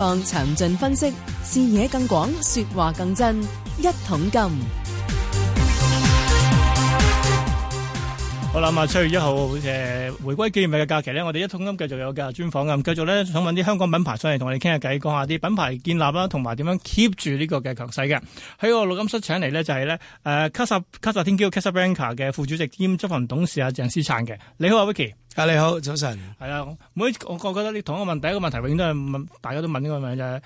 放詳盡分析，視野更廣，說話更真，一桶金。 好啦，嘛，七月一號，誒、呃，回歸紀念日嘅假期咧，我哋一通金繼續有嘅專訪嘅，咁繼續咧，想搵啲香港品牌上嚟同我哋傾下偈，講下啲品牌建立啦，同埋點樣 keep 住呢個嘅強勢嘅。喺我錄音室請嚟咧就係、是、咧，誒、呃，卡薩卡薩天嬌卡薩布蘭卡嘅副主席兼執行董事阿鄭斯燦嘅。你好啊，Vicky。Wiki，啊，你好，早晨。係啊，每我我覺得你同一個問第一個問題，永遠都係問大家都問呢個問題就係、是。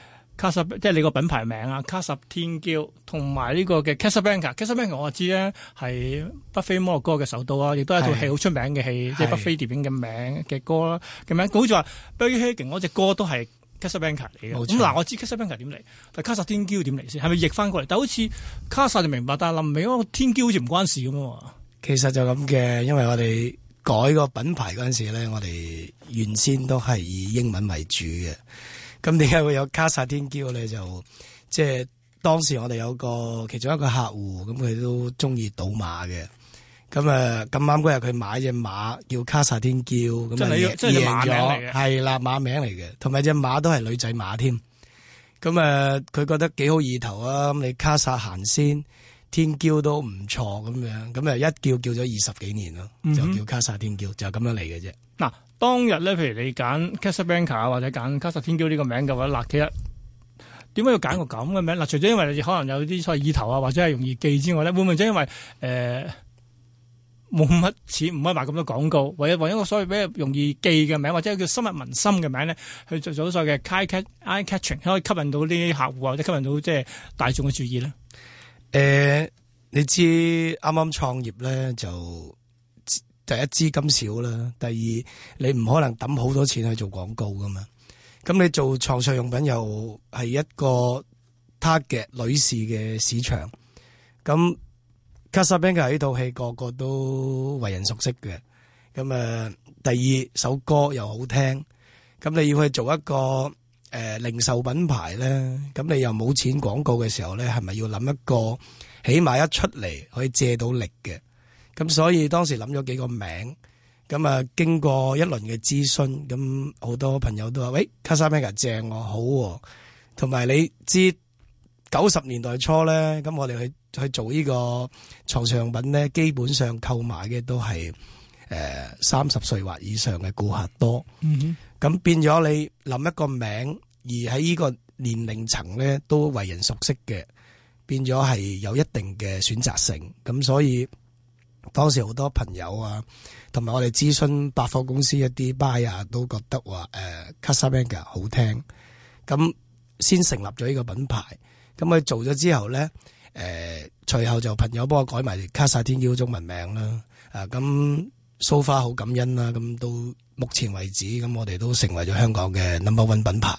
即係你個品牌名啊！卡撒天嬌同埋呢個嘅 Casablanca，Casablanca 我知咧係北非摩洛哥嘅首都啊，亦都係一套戲好出名嘅戲，即係北非諜影嘅名嘅歌啦。咁樣，好似話《Bertie Higgins》嗰隻歌都係 Casablanca 嚟嘅。咁嗱，我知 Casablanca 點嚟，但卡撒天嬌點嚟先？係咪譯翻過嚟？但好似卡撒就明白，但係林明嗰天嬌好似唔關事咁啊。其實就咁嘅，因為我哋改個品牌嗰陣時咧，我哋原先都係以英文為主嘅。咁點解會有卡撒天嬌咧？你就即係當時我哋有個其中一個客戶，咁佢都中意賭馬嘅。咁啊咁啱嗰日佢買隻馬叫卡撒天嬌，即係馬名？咁啊贏咗，係啦馬名嚟嘅，同埋隻馬都係女仔馬添。咁啊佢覺得幾好意頭啊！咁你卡撒行先。天驕都唔錯咁樣，咁啊一叫叫咗二十幾年咯，就叫卡薩天驕就咁樣嚟嘅啫。嗱，當日咧，譬如你揀卡薩布蘭卡或者揀卡薩天驕呢個名嘅話，嗱，其實點解要揀個咁嘅名？嗱，除咗因為你可能有啲所謂意頭啊，或者係容易記之外咧，會唔會因為誒冇乜錢，唔可以買咁多廣告，或者為一個所謂比較容易記嘅名，或者叫深入民心嘅名咧，去做咗所謂嘅 eye catching，可以吸引到呢啲客戶或者吸引到即係大眾嘅注意呢？誒、呃，你知啱啱創業咧，就第一資金少啦，第二你唔可能抌好多錢去做廣告噶嘛。咁你做床上用品又係一個 target 嘅女士嘅市場。咁《卡薩布蘭卡》呢套戲個個都為人熟悉嘅。咁誒，第二首歌又好聽。咁你要去做一個。誒、呃、零售品牌咧，咁你又冇錢廣告嘅時候咧，係咪要諗一個起碼一出嚟可以借到力嘅？咁所以當時諗咗幾個名，咁啊經過一輪嘅諮詢，咁好多朋友都話：喂，Casablanca 正喎、啊、好喎、啊。同埋你知九十年代初咧，咁我哋去去做個呢個床上品咧，基本上購買嘅都係誒三十歲或以上嘅顧客多。嗯哼。咁變咗你諗一個名，而喺呢個年齡層咧都為人熟悉嘅，變咗係有一定嘅選擇性。咁所以當時好多朋友啊，同埋我哋諮詢百貨公司一啲 buy 啊，都覺得話誒、呃，Casablanca 好聽。咁先成立咗呢個品牌。咁佢做咗之後咧，誒、呃，隨後就朋友幫我改埋卡撒天嬌中文名啦。啊，咁 so far 好感恩啦，咁都。目前為止，咁我哋都成為咗香港嘅 number one 品牌。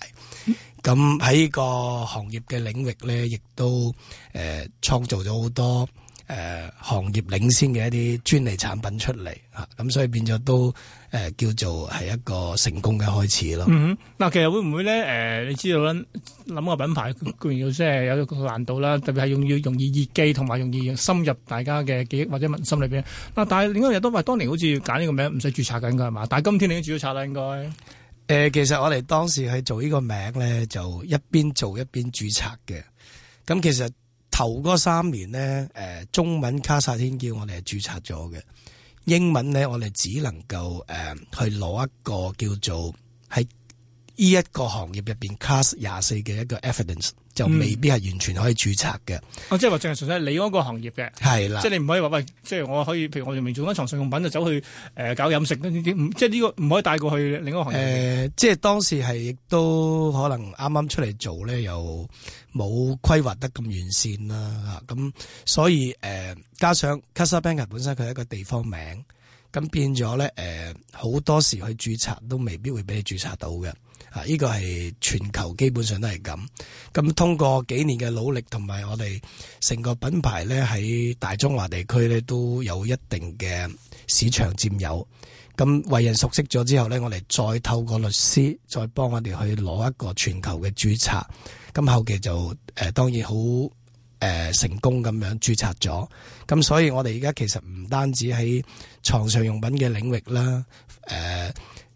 咁喺呢個行業嘅領域咧，亦都誒、呃、創造咗好多，誒、呃，行業領先嘅一啲專利產品出嚟，吓、啊、咁、嗯、所以變咗都誒、呃，叫做係一個成功嘅開始咯。嗯，嗱，其實會唔會咧？誒、呃，你知道咧，諗個品牌固然要即係有個難度啦，特別係要要容易易記、同埋容易深入大家嘅記憶或者民心裏邊。嗱、啊，但係另外日都話，當年好似要揀呢個名，唔使註冊緊噶係嘛？但係今天你都註冊啦，應該？誒，其實我哋當時係做呢個名咧，就一邊做一邊註冊嘅。咁、嗯、其實。頭嗰三年咧，誒、呃，中文卡撒天嬌我哋係註冊咗嘅，英文咧，我哋只能夠誒、呃、去攞一個叫做喺呢一個行業入邊 class 廿四嘅一個 evidence。就未必係完全可以註冊嘅。哦、嗯啊，即係話，淨係純粹係你嗰個行業嘅。係啦的、哎，即係你唔可以話喂，即係我可以，譬如我明明做緊床上用品，就走去誒、呃、搞飲食、嗯、即係呢個唔可以帶過去另一個行業。誒、呃，即係當時係亦都可能啱啱出嚟做咧，又冇規劃得咁完善啦。吓、啊，咁所以誒、呃，加上 Casablanca 本身佢係一個地方名，咁變咗咧，誒、呃，好多時去註冊都未必會俾你註冊到嘅。啊！呢個係全球基本上都係咁。咁通過幾年嘅努力同埋我哋成個品牌咧，喺大中華地區咧都有一定嘅市場佔有。咁為人熟悉咗之後咧，我哋再透過律師再幫我哋去攞一個全球嘅註冊。咁後期就誒、呃、當然好誒、呃、成功咁樣註冊咗。咁所以我哋而家其實唔單止喺床上用品嘅領域啦，誒、呃、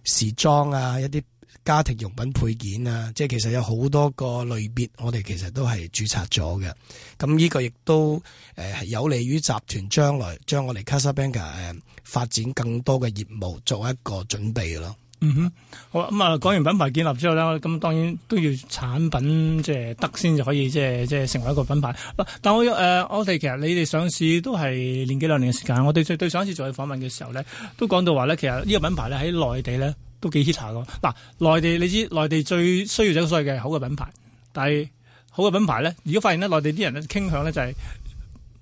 時裝啊一啲。家庭用品配件啊，即係其實有好多個類別，我哋其實都係註冊咗嘅。咁、這、呢個亦都誒，係有利於集團將來將我哋 CasaBenga、er、誒發展更多嘅業務，做一個準備咯。嗯哼，好咁啊，講完品牌建立之後咧，咁當然都要產品即係得先，就可以即係即係成為一個品牌。但我誒，我哋其實你哋上市都係年幾兩年嘅時間，我哋最對上一次做嘅訪問嘅時候咧，都講到話咧，其實呢個品牌咧喺內地咧，都幾 hit 下㗎嗱，內地你知內地最需要就係所謂嘅好嘅品牌，但係好嘅品牌咧，如果發現咧內地啲人咧傾向咧就係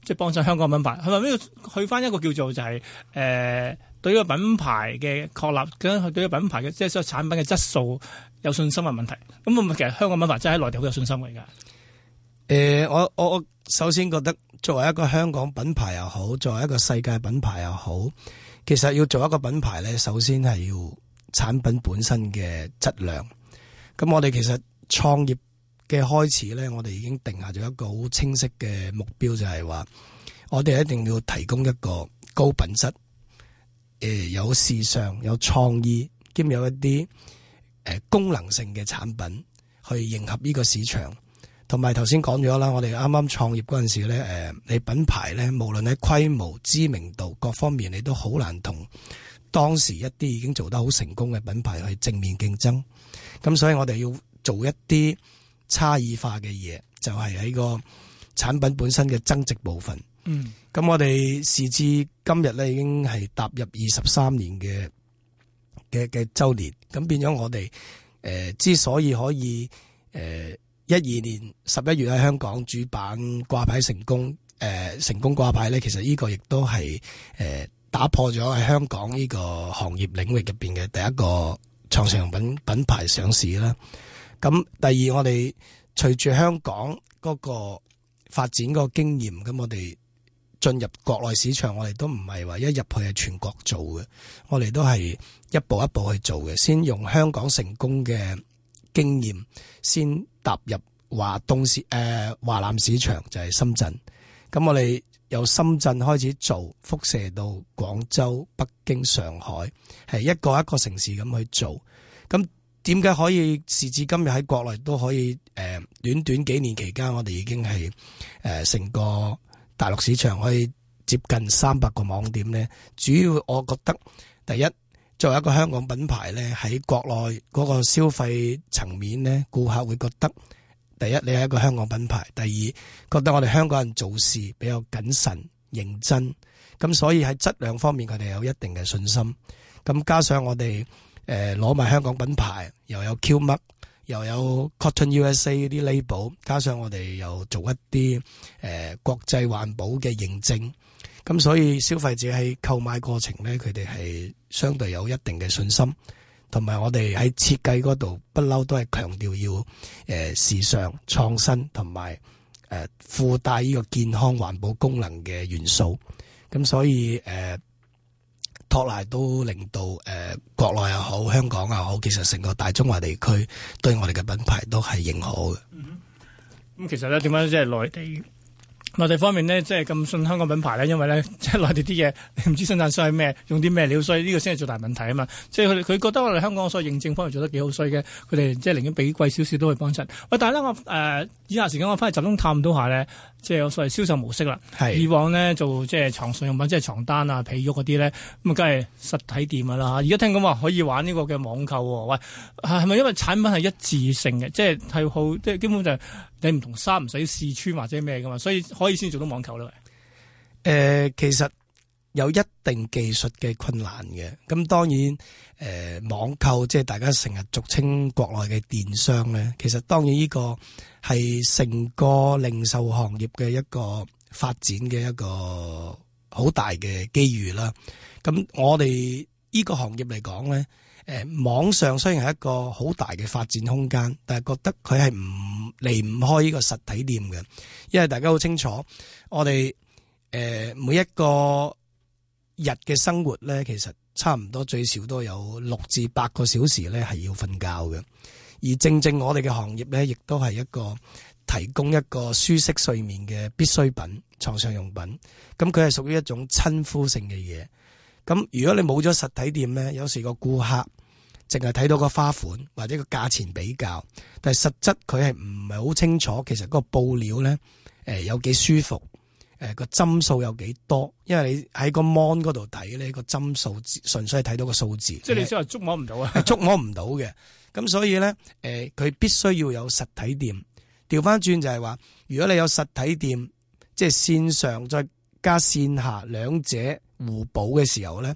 即係幫襯香港品牌，佢話呢去翻一個叫做就係、是、誒、呃、對個品牌嘅確立，咁對個品牌嘅即係所有產品嘅質素有信心嘅問題？咁、嗯、其實香港品牌真係內地好有信心嘅而家。誒、呃，我我我首先覺得作為一個香港品牌又好，作為一個世界品牌又好，其實要做一個品牌咧，首先係要產品本身嘅質量，咁我哋其實創業嘅開始咧，我哋已經定下咗一個好清晰嘅目標，就係話我哋一定要提供一個高品質，誒有時尚、有創意兼有一啲誒功能性嘅產品去迎合呢個市場。同埋頭先講咗啦，我哋啱啱創業嗰陣時咧，誒你品牌咧，無論喺規模、知名度各方面，你都好難同當時一啲已經做得好成功嘅品牌去正面競爭，咁所以我哋要做一啲差異化嘅嘢，就係、是、喺個產品本身嘅增值部分。嗯，咁我哋時至今日咧，已經係踏入二十三年嘅嘅嘅週年，咁變咗我哋誒、呃、之所以可以誒一二年十一月喺香港主板掛牌成功，誒、呃、成功掛牌咧，其實呢個亦都係誒。呃打破咗喺香港呢個行業領域入邊嘅第一個創成品品牌上市啦。咁第二，我哋隨住香港嗰個發展嗰個經驗，咁我哋進入國內市場，我哋都唔係話一入去係全國做嘅，我哋都係一步一步去做嘅。先用香港成功嘅經驗，先踏入華東市誒、呃、華南市場，就係、是、深圳。咁我哋。由深圳開始做，輻射到廣州、北京、上海，係一個一個城市咁去做。咁點解可以時至今日喺國內都可以？誒，短短幾年期間，我哋已經係誒成個大陸市場可以接近三百個網點呢。主要我覺得，第一，作為一個香港品牌咧，喺國內嗰個消費層面呢，顧客會覺得。第一，你係一個香港品牌；第二，覺得我哋香港人做事比較謹慎、認真，咁所以喺質量方面佢哋有一定嘅信心。咁加上我哋誒攞埋香港品牌，又有 Q mark，又有 Cotton USA 呢啲 label，加上我哋又做一啲誒、呃、國際環保嘅認證，咁所以消費者喺購買過程咧，佢哋係相對有一定嘅信心。同埋我哋喺設計嗰度不嬲都係強調要誒、呃、時尚創新，同埋誒附帶呢個健康環保功能嘅元素。咁所以誒、呃、托賴都令到誒、呃、國內又好，香港又好，其實成個大中華地區對我哋嘅品牌都係認可嘅。咁、嗯、其實咧點樣即係內地？內地方面呢，即係咁信香港品牌呢？因為呢，即係內地啲嘢，你唔知生產商係咩，用啲咩料，所以呢個先係最大問題啊嘛。即係佢佢覺得我哋香港嘅所認證方面做得幾好，所以嘅佢哋即係寧願俾貴少少都去幫襯。喂，但係呢，我誒、呃、以下時間我翻去集中探討下呢，即係我所謂銷售模式啦。是以往呢，做即係床上用品，即係床單啊、被褥嗰啲呢，咁啊梗係實體店噶啦。而家聽講話可以玩呢個嘅網購喎。喂，係咪因為產品係一致性嘅，即係係好，即係基本就是？你唔同衫唔使試穿或者咩㗎嘛，所以可以先做到網購啦。誒、呃，其實有一定技術嘅困難嘅。咁當然誒、呃，網購即係大家成日俗稱國內嘅電商咧。其實當然呢個係成個零售行業嘅一個發展嘅一個好大嘅機遇啦。咁我哋呢個行業嚟講咧。誒，網上雖然係一個好大嘅發展空間，但係覺得佢係唔離唔開呢個實體店嘅，因為大家好清楚，我哋誒每一個日嘅生活咧，其實差唔多最少都有六至八個小時咧係要瞓覺嘅，而正正我哋嘅行業咧，亦都係一個提供一個舒適睡眠嘅必需品床上用品，咁佢係屬於一種親膚性嘅嘢，咁如果你冇咗實體店咧，有時個顧客，淨係睇到個花款或者個價錢比較，但係實質佢係唔係好清楚其實個布料咧，誒、呃、有幾舒服，誒、呃、個針數有幾多？因為你喺個 mon 嗰度睇咧，個針數純粹係睇到個數字。即係你先話捉摸唔到啊？捉摸唔到嘅。咁 所以咧，誒、呃、佢必須要有實體店。調翻轉就係話，如果你有實體店，即係線上再加線下兩者互補嘅時候咧。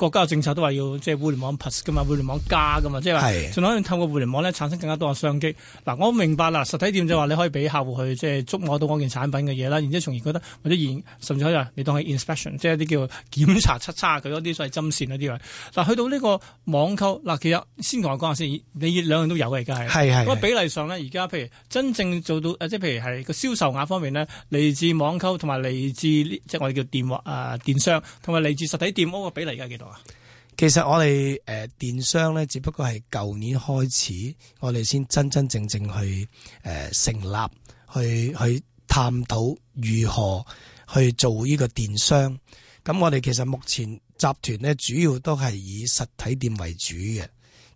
國家嘅政策都話要即係互聯網 plus 嘅嘛，互聯網加嘅嘛，即係話仲可以透過互聯網咧產生更加多嘅商機。嗱，我明白啦，實體店就話你可以俾客戶去即係捉摸到嗰件產品嘅嘢啦，然之後從而覺得或者甚至可以話你當係 inspection，即係一啲叫檢查測差佢嗰啲所謂針線嗰啲位。嗱，去到呢個網購嗱，其實先同我講下先，你兩樣都有嘅是而家係，咁啊比例上呢，而家譬如真正做到即係譬如係個銷售額方面呢，嚟自網購同埋嚟自即係我哋叫電話啊電商同埋嚟自實體店嗰個比例而家幾多？其實我哋誒電商呢，只不過係舊年開始，我哋先真真正正去誒、呃、成立，去去探討如何去做呢個電商。咁我哋其實目前集團呢，主要都係以實體店為主嘅。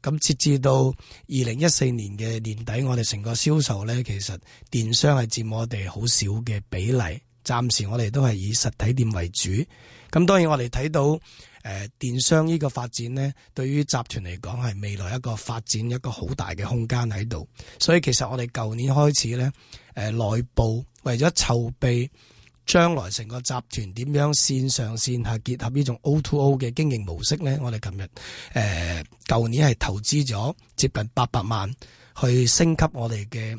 咁截至到二零一四年嘅年底，我哋成個銷售呢，其實電商係佔我哋好少嘅比例。暫時我哋都係以實體店為主。咁當然我哋睇到。誒電商呢個發展咧，對於集團嚟講係未來一個發展一個好大嘅空間喺度，所以其實我哋舊年開始咧，誒、呃、內部為咗籌備將來成個集團點樣線上線下結合呢種 O2O 嘅經營模式咧，我哋琴日誒舊年係投資咗接近八百萬去升級我哋嘅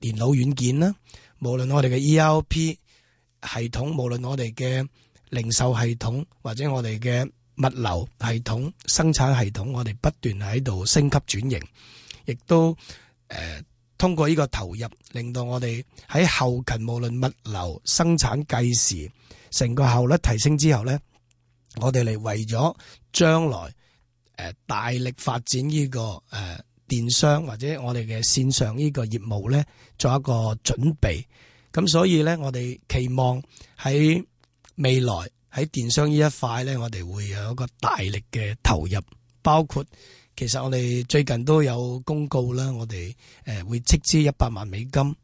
電腦軟件啦，無論我哋嘅 ERP 系統，無論我哋嘅，零售系統或者我哋嘅物流系統、生產系統，我哋不斷喺度升級轉型，亦都誒通過呢個投入，令到我哋喺後勤無論物流、生產計時，成個效率提升之後咧，我哋嚟為咗將來誒大力發展呢個誒電商或者我哋嘅線上呢個業務咧，做一個準備。咁所以咧，我哋期望喺未來喺電商呢一塊咧，我哋會有一個大力嘅投入，包括其實我哋最近都有公告啦，我哋誒會斥資一百萬美金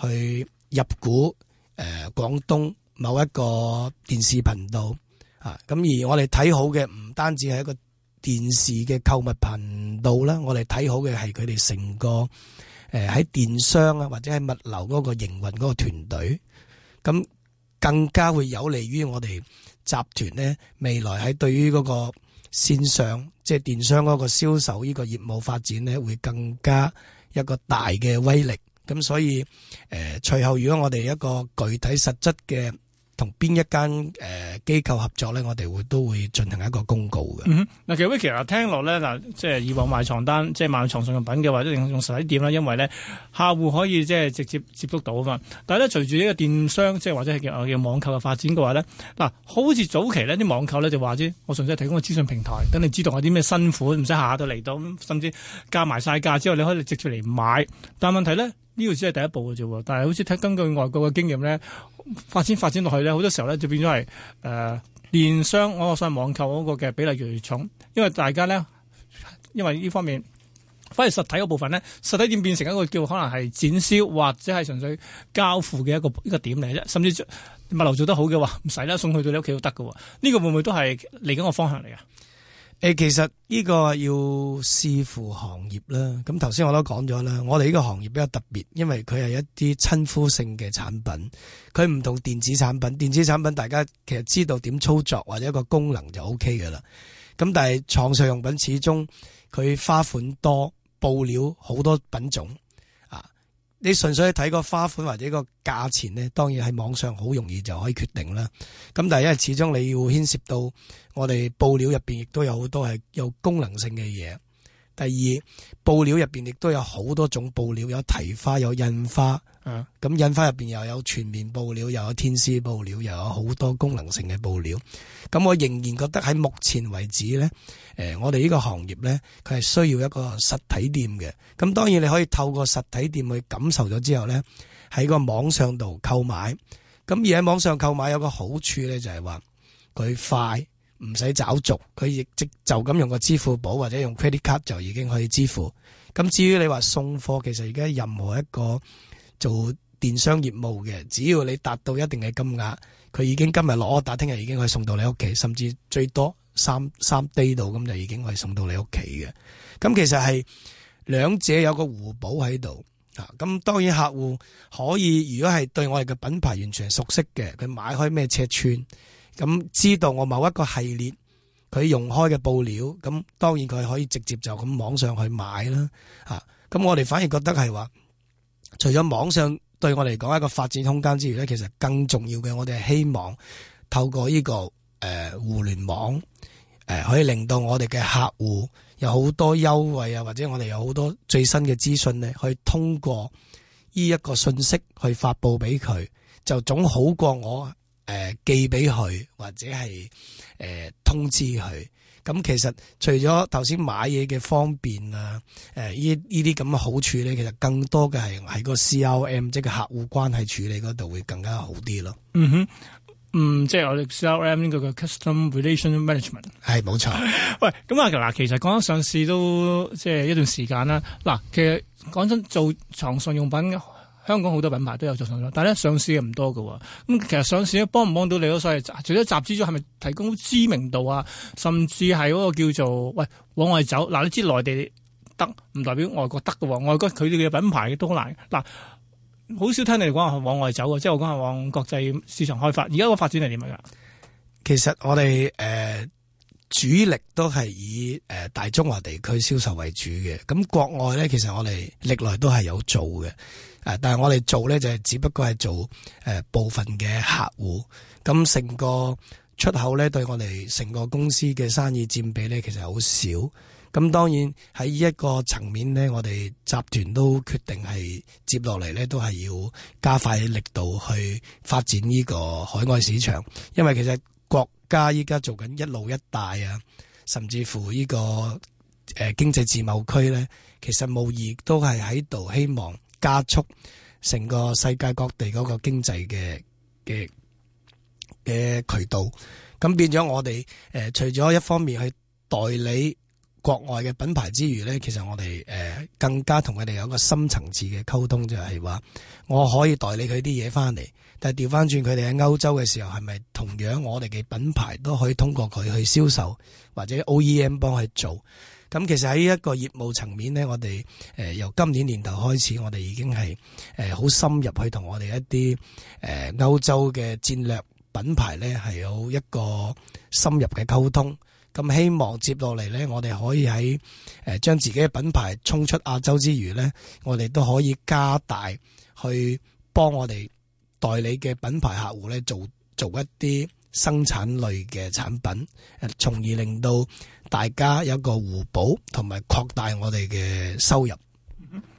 去入股誒、呃、廣東某一個電視頻道啊，咁而我哋睇好嘅唔單止係一個電視嘅購物頻道啦，我哋睇好嘅係佢哋成個誒喺、呃、電商啊或者係物流嗰個營運嗰個團隊咁。啊更加會有利於我哋集團咧，未來喺對於嗰個線上，即係電商嗰個銷售呢個業務發展咧，會更加一個大嘅威力。咁所以誒、呃，隨後如果我哋一個具體實質嘅同邊一間誒、呃機構合作呢，我哋會都會進行一個公告嘅。嗱、嗯，其實其實聽落呢，嗱，即係以往賣床單，即係賣床上用品嘅，或者用實體店啦，因為呢客戶可以即係直接接觸到啊嘛。但係呢，隨住呢個電商，即係或者係叫網購嘅發展嘅話呢，嗱，好似早期呢啲網購呢，就話知我純粹提供個資訊平台，等你知道有啲咩新款，唔使下下都嚟，到甚至加埋晒價之後，你可以直接嚟買。但係問題呢。呢個只係第一步嘅啫，但係好似睇根據外國嘅經驗咧，發展發展落去咧，好多時候咧就變咗係誒電商。我上網購嗰個嘅比例越嚟越重，因為大家咧，因為呢方面反而實體嗰部分咧，實體店變成一個叫可能係展銷或者係純粹交付嘅一個一個點嚟啫。甚至物流做得好嘅話，唔使啦，送去到你屋企都得嘅。呢、這個會唔會都係嚟緊個方向嚟㗎？誒，其實呢個要視乎行業啦。咁頭先我都講咗啦，我哋呢個行業比較特別，因為佢係一啲親膚性嘅產品，佢唔同電子產品。電子產品大家其實知道點操作或者一個功能就 OK 噶啦。咁但係床上用品始終佢花款多，布料好多品種。你純粹睇個花款或者個價錢咧，當然喺網上好容易就可以決定啦。咁但係因為始終你要牽涉到我哋布料入邊，亦都有好多係有功能性嘅嘢。第二布料入邊亦都有好多種布料，有提花，有印花，啊、嗯，咁印花入邊又有全棉布料，又有天絲布料，又有好多功能性嘅布料。咁、嗯嗯、我仍然覺得喺目前為止咧，誒、呃，我哋呢個行業咧，佢係需要一個實體店嘅。咁當然你可以透過實體店去感受咗之後咧，喺個網上度購買。咁而喺網上購買有個好處咧，就係話佢快。唔使找續，佢亦即就咁用個支付寶或者用 credit card 就已經可以支付。咁至於你話送貨，其實而家任何一個做電商業務嘅，只要你達到一定嘅金額，佢已經今日落 order，聽日已經可以送到你屋企，甚至最多三三 day 度咁就已經可以送到你屋企嘅。咁其實係兩者有個互補喺度。吓，咁當然客戶可以，如果係對我哋嘅品牌完全熟悉嘅，佢買開咩尺寸？咁知道我某一個系列佢用開嘅布料，咁當然佢可以直接就咁網上去買啦，吓、啊。咁我哋反而覺得係話，除咗網上對我嚟講一個發展空間之餘咧，其實更重要嘅，我哋係希望透過呢、這個誒、呃、互聯網，誒、呃、可以令到我哋嘅客戶有好多優惠啊，或者我哋有好多最新嘅資訊咧，去通過呢一個信息去發佈俾佢，就總好過我。誒、呃，寄俾佢或者係誒、呃、通知佢，咁其實除咗頭先買嘢嘅方便啊，誒呢呢啲咁嘅好處咧，其實更多嘅係喺個 C R M 即係個客戶關係處理嗰度會更加好啲咯。嗯哼，嗯，即係我哋 C R M 呢個嘅 Custom Relation Management 係冇錯。錯 喂，咁啊嗱，其實講緊上市都即係一段時間啦。嗱，其實講真，做床上用品香港好多品牌都有做上落，但係咧，上市嘅唔多噶。咁其實上市咧幫唔幫到你咯？所以除咗集資咗，係咪提供知名度啊？甚至係嗰個叫做喂往外走。嗱，你知內地得唔代表外國得噶？外國佢哋嘅品牌都好難。嗱，好少聽你哋講往外走嘅，即係我講係往國際市場開發。而家個發展係點樣噶、呃呃？其實我哋誒主力都係以誒大中華地區銷售為主嘅。咁國外咧，其實我哋歷來都係有做嘅。誒，但係我哋做咧，就係只不過係做誒、呃、部分嘅客戶。咁成個出口咧，對我哋成個公司嘅生意佔比咧，其實好少。咁當然喺呢一個層面呢，我哋集團都決定係接落嚟咧，都係要加快力度去發展呢個海外市場，因為其實國家依家做緊一路一大一帶啊，甚至乎、這個呃、呢個誒經濟自貿區咧，其實無疑都係喺度希望加速成個世界各地嗰個經濟嘅嘅嘅渠道，咁變咗我哋誒、呃、除咗一方面去代理國外嘅品牌之餘咧，其實我哋誒、呃、更加同佢哋有一個深層次嘅溝通，就係、是、話我可以代理佢啲嘢翻嚟，但係調翻轉佢哋喺歐洲嘅時候，係咪同樣我哋嘅品牌都可以通過佢去銷售或者 OEM 幫佢去做？咁其實喺一個業務層面咧，我哋誒由今年年頭開始，我哋已經係誒好深入去同我哋一啲誒歐洲嘅戰略品牌咧，係有一個深入嘅溝通。咁希望接落嚟咧，我哋可以喺誒將自己嘅品牌衝出亞洲之餘咧，我哋都可以加大去幫我哋代理嘅品牌客戶咧，做做一啲生產類嘅產品，誒，從而令到大家有一個互補，同埋擴大我哋嘅收入。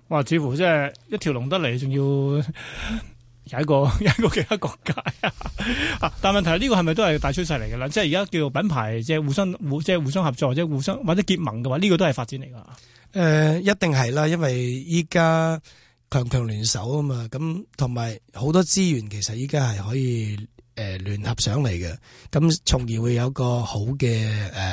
哇，似乎即係一條龍得嚟，仲要有一個有一個其他國家啊！但問題係呢個係咪都係大趨勢嚟嘅喇？即係而家叫品牌即係互相互即係互相合作，即係互相或者結盟嘅話，呢個都係發展嚟噶。誒、呃，一定係啦，因為依家強強聯手啊嘛，咁同埋好多資源其實依家係可以。誒，聯合上嚟嘅，咁從而會有個好嘅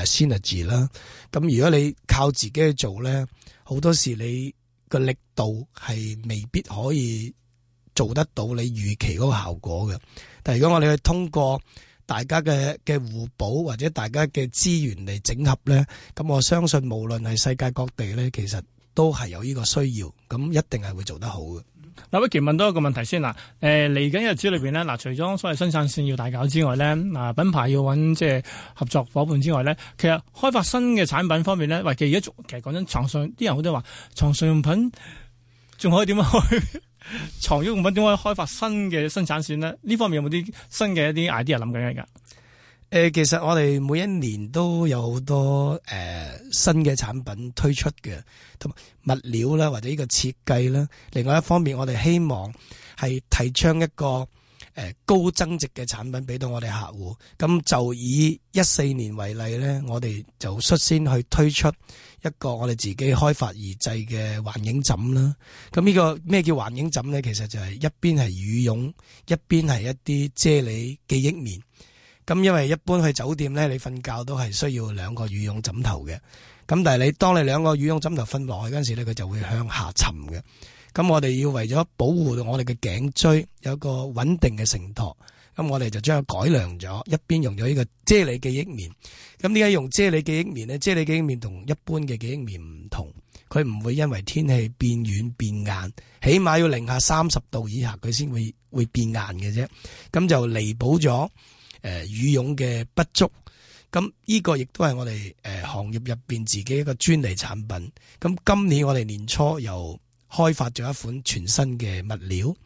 誒 synergy 啦。咁如果你靠自己去做咧，好多時你個力度係未必可以做得到你預期嗰個效果嘅。但係如果我哋去通過大家嘅嘅互補或者大家嘅資源嚟整合咧，咁我相信無論係世界各地咧，其實都係有呢個需要，咁一定係會做得好嘅。劉偉傑，問多一個問題先啦，誒，嚟緊日子裏邊咧，嗱、啊、除咗所謂生產線要大搞之外咧，啊品牌要揾即係合作夥伴之外咧，其實開發新嘅產品方面咧，喂其實而家其實講真床上啲人好多話床上用品仲可以點樣開，床褥用品點可以開發新嘅生產線呢？呢方面有冇啲新嘅一啲 idea 諗緊噶？誒，其實我哋每一年都有好多誒、呃、新嘅產品推出嘅，同物料啦，或者呢個設計啦。另外一方面，我哋希望係提倡一個誒、呃、高增值嘅產品俾到我哋客戶。咁就以一四年為例咧，我哋就率先去推出一個我哋自己開發而製嘅環形枕啦。咁呢個咩叫環影枕咧？其實就係一邊係羽絨，一邊係一啲啫喱記憶棉。咁因為一般去酒店咧，你瞓覺都係需要兩個羽絨枕頭嘅。咁但係你當你兩個羽絨枕頭瞓落去嗰陣時咧，佢就會向下沉嘅。咁我哋要為咗保護到我哋嘅頸椎有一個穩定嘅承托，咁我哋就將佢改良咗，一邊用咗呢個啫喱記憶棉。咁點解用啫喱記憶棉呢？啫喱記憶棉同一般嘅記憶棉唔同，佢唔會因為天氣變軟變硬，起碼要零下三十度以下佢先會會變硬嘅啫。咁就彌補咗。誒，羽絨嘅不足，咁、這、呢個亦都係我哋誒行業入邊自己一個專利產品。咁今年我哋年初又開發咗一款全新嘅物料，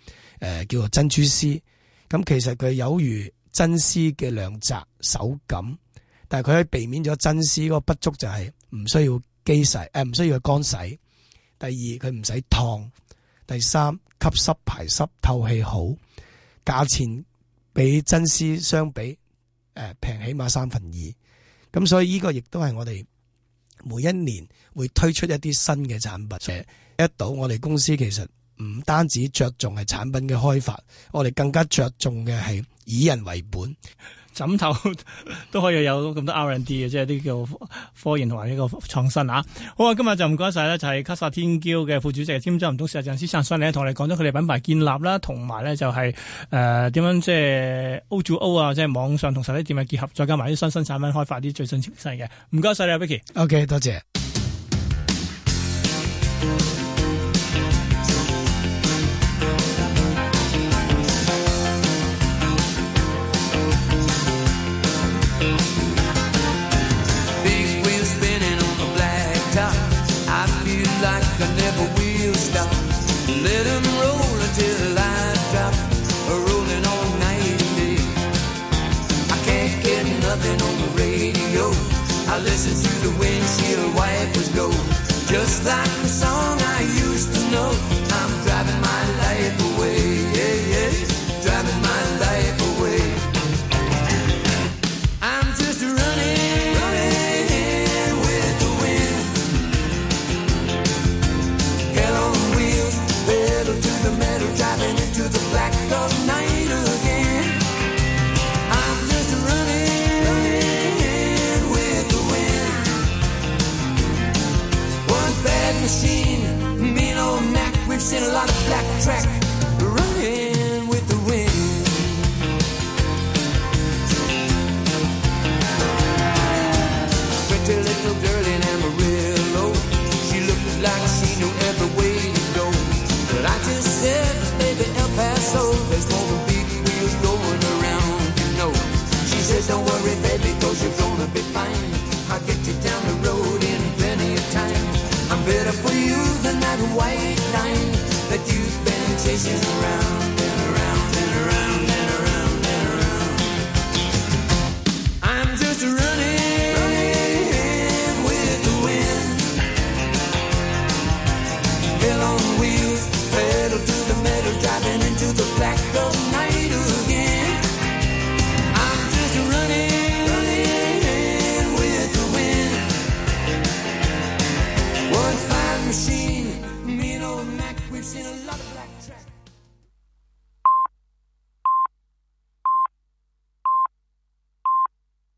誒，叫做珍珠絲。咁其實佢有如真絲嘅涼澤手感，但係佢喺避免咗真絲嗰個不足，就係唔需要機洗，誒、哎，唔需要乾洗。第二，佢唔使燙。第三，吸濕排濕，透氣好，價錢。比真絲相比，誒、呃、平起碼三分二，咁所以呢個亦都係我哋每一年會推出一啲新嘅產品。一到我哋公司其實唔單止着重係產品嘅開發，我哋更加着重嘅係以人為本。枕頭都可以有咁多 R&D 嘅？即係啲叫科研同埋呢個創新啊！好啊，今日就唔該晒咧，就係卡撒天驕嘅副主席、兼總董事鄭先生，多謝你同我哋講咗佢哋品牌建立啦，同埋呢，就係誒點樣即係 O to O 啊，即係網上同實體店嘅結合，再加埋啲新產品開發啲最新嘅。唔該晒你，Vicky。OK，多謝。